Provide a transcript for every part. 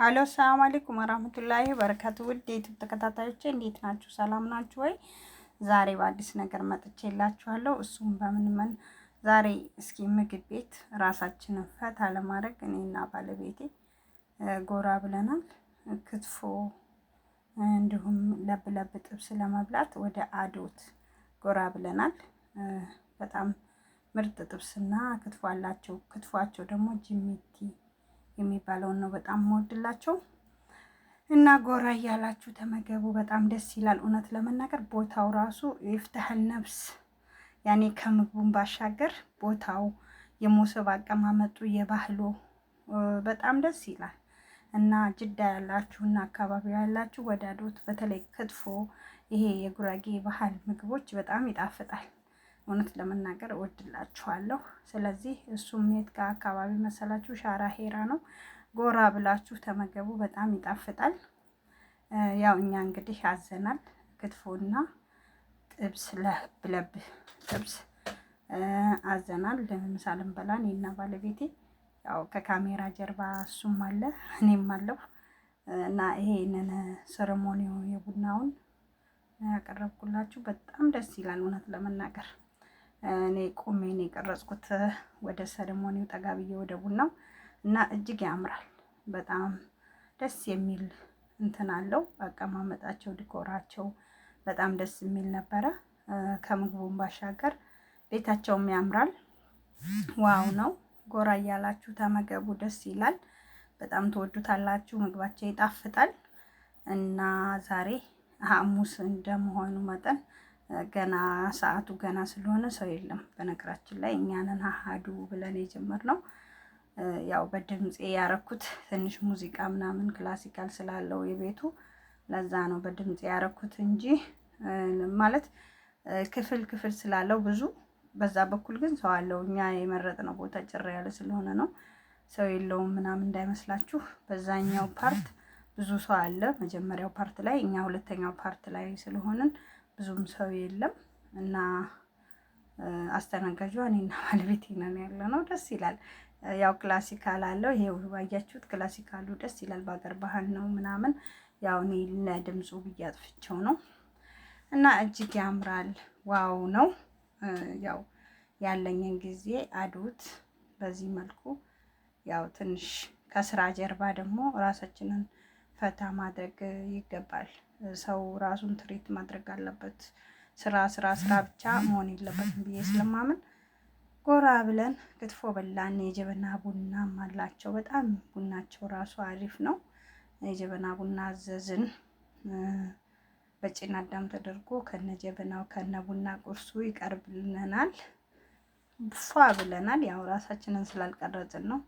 ሀሎ ሰላም አለይኩም ወራህመቱላሂ በረካቱ። ውድ የዩቲዩብ ተከታታዮች እንዴት ናችሁ? ሰላም ናችሁ ወይ? ዛሬ በአዲስ ነገር መጥቼ የላችኋለሁ። እሱም በምን ምን ዛሬ እስኪ ምግብ ቤት ራሳችንን ፈታ ለማድረግ እኔና ባለቤቴ ጎራ ብለናል። ክትፎ እንዲሁም ለብ ጥብስ ለመብላት ወደ አዶት ጎራ ብለናል። በጣም ምርጥ ጥብስና ክትፎ አላቸው። ክትፏቸው ደግሞ ጅሚቲ የሚባለውን ነው በጣም የምወድላቸው እና ጎራ እያላችሁ ተመገቡ። በጣም ደስ ይላል። እውነት ለመናገር ቦታው ራሱ ይፍትሐል ነብስ ያኔ ከምግቡን ባሻገር ቦታው የሞሰብ አቀማመጡ የባህሉ በጣም ደስ ይላል እና ጅዳ ያላችሁ እና አካባቢው ያላችሁ ወዳዶት በተለይ ክትፎ፣ ይሄ የጉራጌ ባህል ምግቦች በጣም ይጣፍጣል። እውነት ለመናገር እወድላችኋለሁ። ስለዚህ እሱም የት ጋር አካባቢ መሰላችሁ? ሻራ ሄራ ነው። ጎራ ብላችሁ ተመገቡ። በጣም ይጣፍጣል። ያው እኛ እንግዲህ አዘናል። ክትፎና ጥብስ ለብለብ ጥብስ አዘናል። ምሳ በላን እና ባለቤቴ ያው ከካሜራ ጀርባ እሱም አለ እኔም አለሁ እና ይሄንን ሰርሞኒው የቡናውን ያቀረብኩላችሁ በጣም ደስ ይላል እውነት ለመናገር እኔ ቁሜ ነው የቀረጽኩት። ወደ ሰለሞኒው ጠጋ ብዬ ወደ ቡናው እና እጅግ ያምራል። በጣም ደስ የሚል እንትን አለው። አቀማመጣቸው፣ ዲኮራቸው በጣም ደስ የሚል ነበረ። ከምግቡም ባሻገር ቤታቸውም ያምራል። ዋው ነው። ጎራ እያላችሁ ተመገቡ። ደስ ይላል። በጣም ትወዱታላችሁ። ምግባቸው ይጣፍጣል እና ዛሬ ሐሙስ እንደመሆኑ መጠን ገና ሰዓቱ ገና ስለሆነ ሰው የለም። በነገራችን ላይ እኛንን አሃዱ ብለን የጀመርነው ያው በድምፄ ያረኩት ትንሽ ሙዚቃ ምናምን ክላሲካል ስላለው የቤቱ ለዛ ነው በድምፄ ያረኩት እንጂ ማለት ክፍል ክፍል ስላለው ብዙ በዛ በኩል ግን ሰው አለው። እኛ የመረጥነው ቦታ ጭር ያለ ስለሆነ ነው ሰው የለውም ምናምን እንዳይመስላችሁ። በዛኛው ፓርት ብዙ ሰው አለ። መጀመሪያው ፓርት ላይ እኛ ሁለተኛው ፓርት ላይ ስለሆንን ብዙም ሰው የለም እና አስተናጋጇ እኔና ባለቤቴ ነን ያለ ነው። ደስ ይላል። ያው ክላሲካል አለው። ይሄ ባያችሁት ክላሲካሉ ደስ ይላል። በሀገር ባህል ነው ምናምን። ያው እኔ ለድምፁ ብዬ አጥፍቼው ነው እና እጅግ ያምራል። ዋው ነው። ያው ያለኝን ጊዜ አዱት በዚህ መልኩ። ያው ትንሽ ከስራ ጀርባ ደግሞ ራሳችንን ፈታ ማድረግ ይገባል። ሰው ራሱን ትሪት ማድረግ አለበት። ስራ ስራ ስራ ብቻ መሆን የለበትም ብዬ ስለማምን ጎራ ብለን ክትፎ በላን። የጀበና ቡናም አላቸው። በጣም ቡናቸው ራሱ አሪፍ ነው። የጀበና ቡና አዘዝን። በጭና አዳም ተደርጎ ከነ ጀበናው ከነ ቡና ቁርሱ ይቀርብልናል። ፏ ብለናል። ያው ራሳችንን ስላልቀረጽን ነው።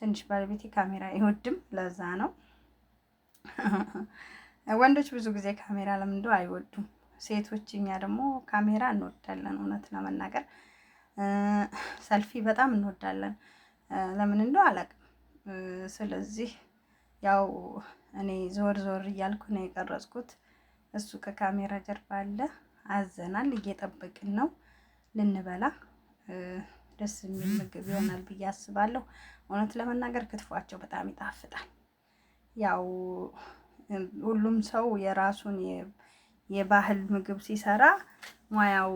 ትንሽ ባለቤቴ ካሜራ አይወድም፣ ለዛ ነው። ወንዶች ብዙ ጊዜ ካሜራ ለምንዶ አይወዱም። ሴቶች እኛ ደግሞ ካሜራ እንወዳለን። እውነት ለመናገር ሰልፊ በጣም እንወዳለን። ለምን እንደው አላውቅም። ስለዚህ ያው እኔ ዞር ዞር እያልኩ ነው የቀረጽኩት። እሱ ከካሜራ ጀርባ አለ። አዘናል፣ እየጠበቅን ነው ልንበላ። ደስ የሚል ምግብ ይሆናል ብዬ አስባለሁ። እውነት ለመናገር ክትፏቸው በጣም ይጣፍጣል። ያው ሁሉም ሰው የራሱን የባህል ምግብ ሲሰራ ሙያው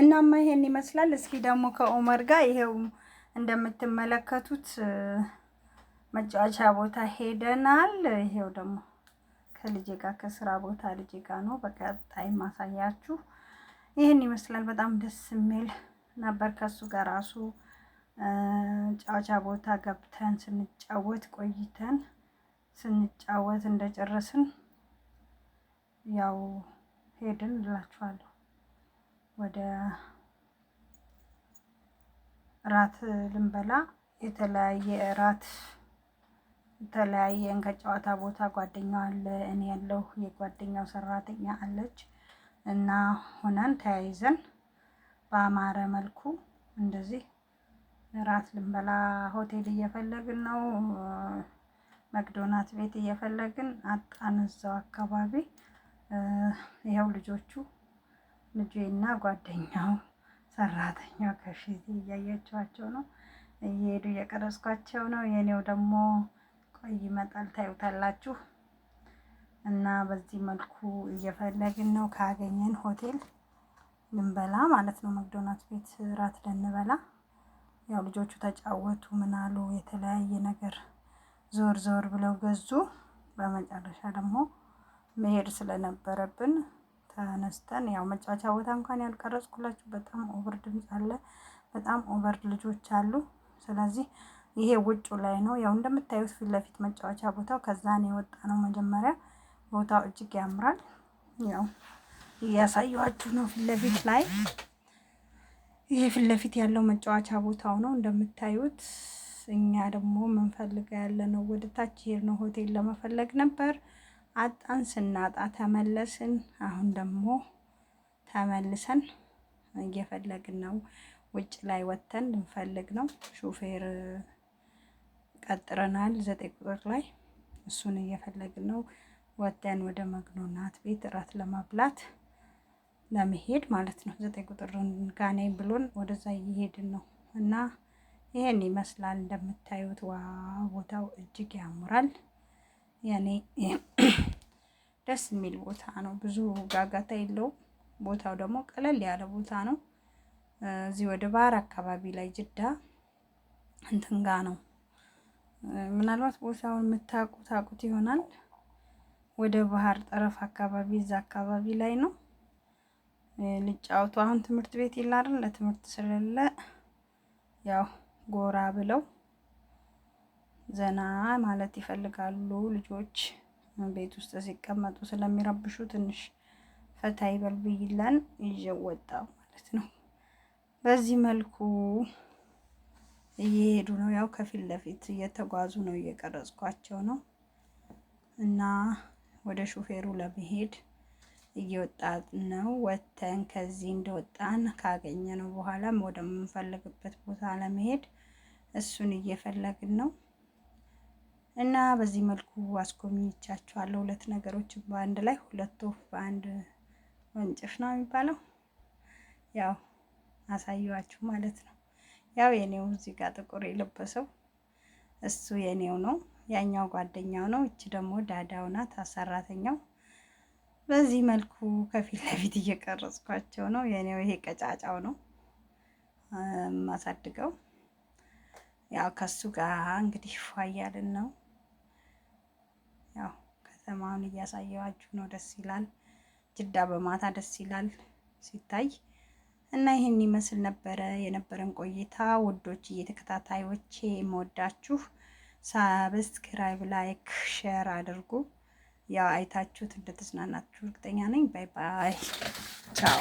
እናማ ይሄን ይመስላል። እስኪ ደግሞ ከኦመር ጋር ይሄው እንደምትመለከቱት መጫወቻ ቦታ ሄደናል። ይሄው ደግሞ ከልጅ ጋር ከስራ ቦታ ልጅ ጋር ነው በቀጣይ ማሳያችሁ። ይህን ይመስላል። በጣም ደስ የሚል ነበር። ከሱ ጋር ራሱ ጫወቻ ቦታ ገብተን ስንጫወት ቆይተን ስንጫወት እንደጨረስን ያው ሄድን እላችኋለሁ ወደ እራት ልንበላ የተለያየ እራት ተለያየን ከጨዋታ ቦታ ጓደኛው አለ እኔ ያለው የጓደኛው ሰራተኛ አለች እና ሆነን ተያይዘን በአማረ መልኩ እንደዚህ እራት ልንበላ ሆቴል እየፈለግን ነው፣ መክዶናት ቤት እየፈለግን አጣን። እዛው አካባቢ ይኸው ልጆቹ ልጄና ጓደኛው ሰራተኛው ከፊት እያያቸዋቸው ነው፣ እየሄዱ እየቀረጽኳቸው ነው። የኔው ደግሞ ይመጣል ታዩታላችሁ። እና በዚህ መልኩ እየፈለግን ነው ካገኘን ሆቴል ልንበላ ማለት ነው። መክዶናት ቤት ራት ልንበላ ያው ልጆቹ ተጫወቱ ምናሉ የተለያየ ነገር ዞር ዞር ብለው ገዙ። በመጨረሻ ደግሞ መሄድ ስለነበረብን ተነስተን ያው መጫወቻ ቦታ እንኳን ያልቀረጽኩላችሁ በጣም ኦቨር ድምፅ አለ፣ በጣም ኦቨር ልጆች አሉ። ስለዚህ ይሄ ውጭ ላይ ነው። ያው እንደምታዩት ፊት ለፊት መጫወቻ ቦታው ከዛን የወጣ ነው። መጀመሪያ ቦታው እጅግ ያምራል። ያው እያሳየኋችሁ ነው። ፊት ለፊት ላይ ይሄ ፊት ለፊት ያለው መጫወቻ ቦታው ነው እንደምታዩት። እኛ ደግሞ ምንፈልገ ያለ ነው ወደ ታች ሄድ ነው ሆቴል ለመፈለግ ነበር። አጣን። ስናጣ ተመለስን። አሁን ደግሞ ተመልሰን እየፈለግን ነው። ውጭ ላይ ወጥተን ልንፈልግ ነው ሹፌር ቀጥረናል። ዘጠኝ ቁጥር ላይ እሱን እየፈለግን ነው። ወደን ወደ መግኖናት ቤት እራት ለማብላት ለመሄድ ማለት ነው። ዘጠኝ ቁጥር ጋኔ ብሎን ወደዛ እየሄድን ነው እና ይሄን ይመስላል እንደምታዩት። ዋ ቦታው እጅግ ያምራል። ያኔ ደስ የሚል ቦታ ነው። ብዙ ጋጋታ የለውም። ቦታው ደግሞ ቀለል ያለ ቦታ ነው። እዚህ ወደ ባህር አካባቢ ላይ ጅዳ እንትን ጋ ነው ምናልባት ቦታውን የምታውቁ ታውቁት ይሆናል። ወደ ባህር ጠረፍ አካባቢ እዛ አካባቢ ላይ ነው ልጫወቱ። አሁን ትምህርት ቤት ይላርን ለትምህርት ስለሌለ ያው ጎራ ብለው ዘና ማለት ይፈልጋሉ። ልጆች ቤት ውስጥ ሲቀመጡ ስለሚረብሹ ትንሽ ፈታ ይበል ብይለን ይዤ ማለት ነው በዚህ መልኩ እየሄዱ ነው። ያው ከፊት ለፊት እየተጓዙ ነው፣ እየቀረጽኳቸው ነው እና ወደ ሹፌሩ ለመሄድ እየወጣ ነው። ወተን ከዚህ እንደወጣን ካገኘ ነው በኋላም ወደምንፈልግበት ቦታ ለመሄድ እሱን እየፈለግን ነው እና በዚህ መልኩ አስጎብኝቻችኋለሁ። ሁለት ነገሮችን በአንድ ላይ ሁለት ወፍ በአንድ ወንጭፍ ነው የሚባለው። ያው አሳየዋችሁ ማለት ነው። ያው የኔው እዚህ ጋር ጥቁር የለበሰው እሱ የኔው ነው። ያኛው ጓደኛው ነው። እች ደግሞ ዳዳው ናት፣ አሰራተኛው። በዚህ መልኩ ከፊት ለፊት እየቀረጽኳቸው ነው። የኔው ይሄ ቀጫጫው ነው ማሳድገው። ያው ከሱ ጋር እንግዲህ ፏያልን ነው። ያው ከተማውን እያሳየዋችሁ ነው። ደስ ይላል። ጅዳ በማታ ደስ ይላል ሲታይ እና ይህን ይመስል ነበረ የነበረን ቆይታ ውዶች፣ እየተከታታዮቼ የምወዳችሁ ሳብስክራይብ፣ ላይክ፣ ሼር አድርጉ። ያው አይታችሁት እንደተዝናናችሁ እርግጠኛ ነኝ። ባይ ባይ፣ ቻው።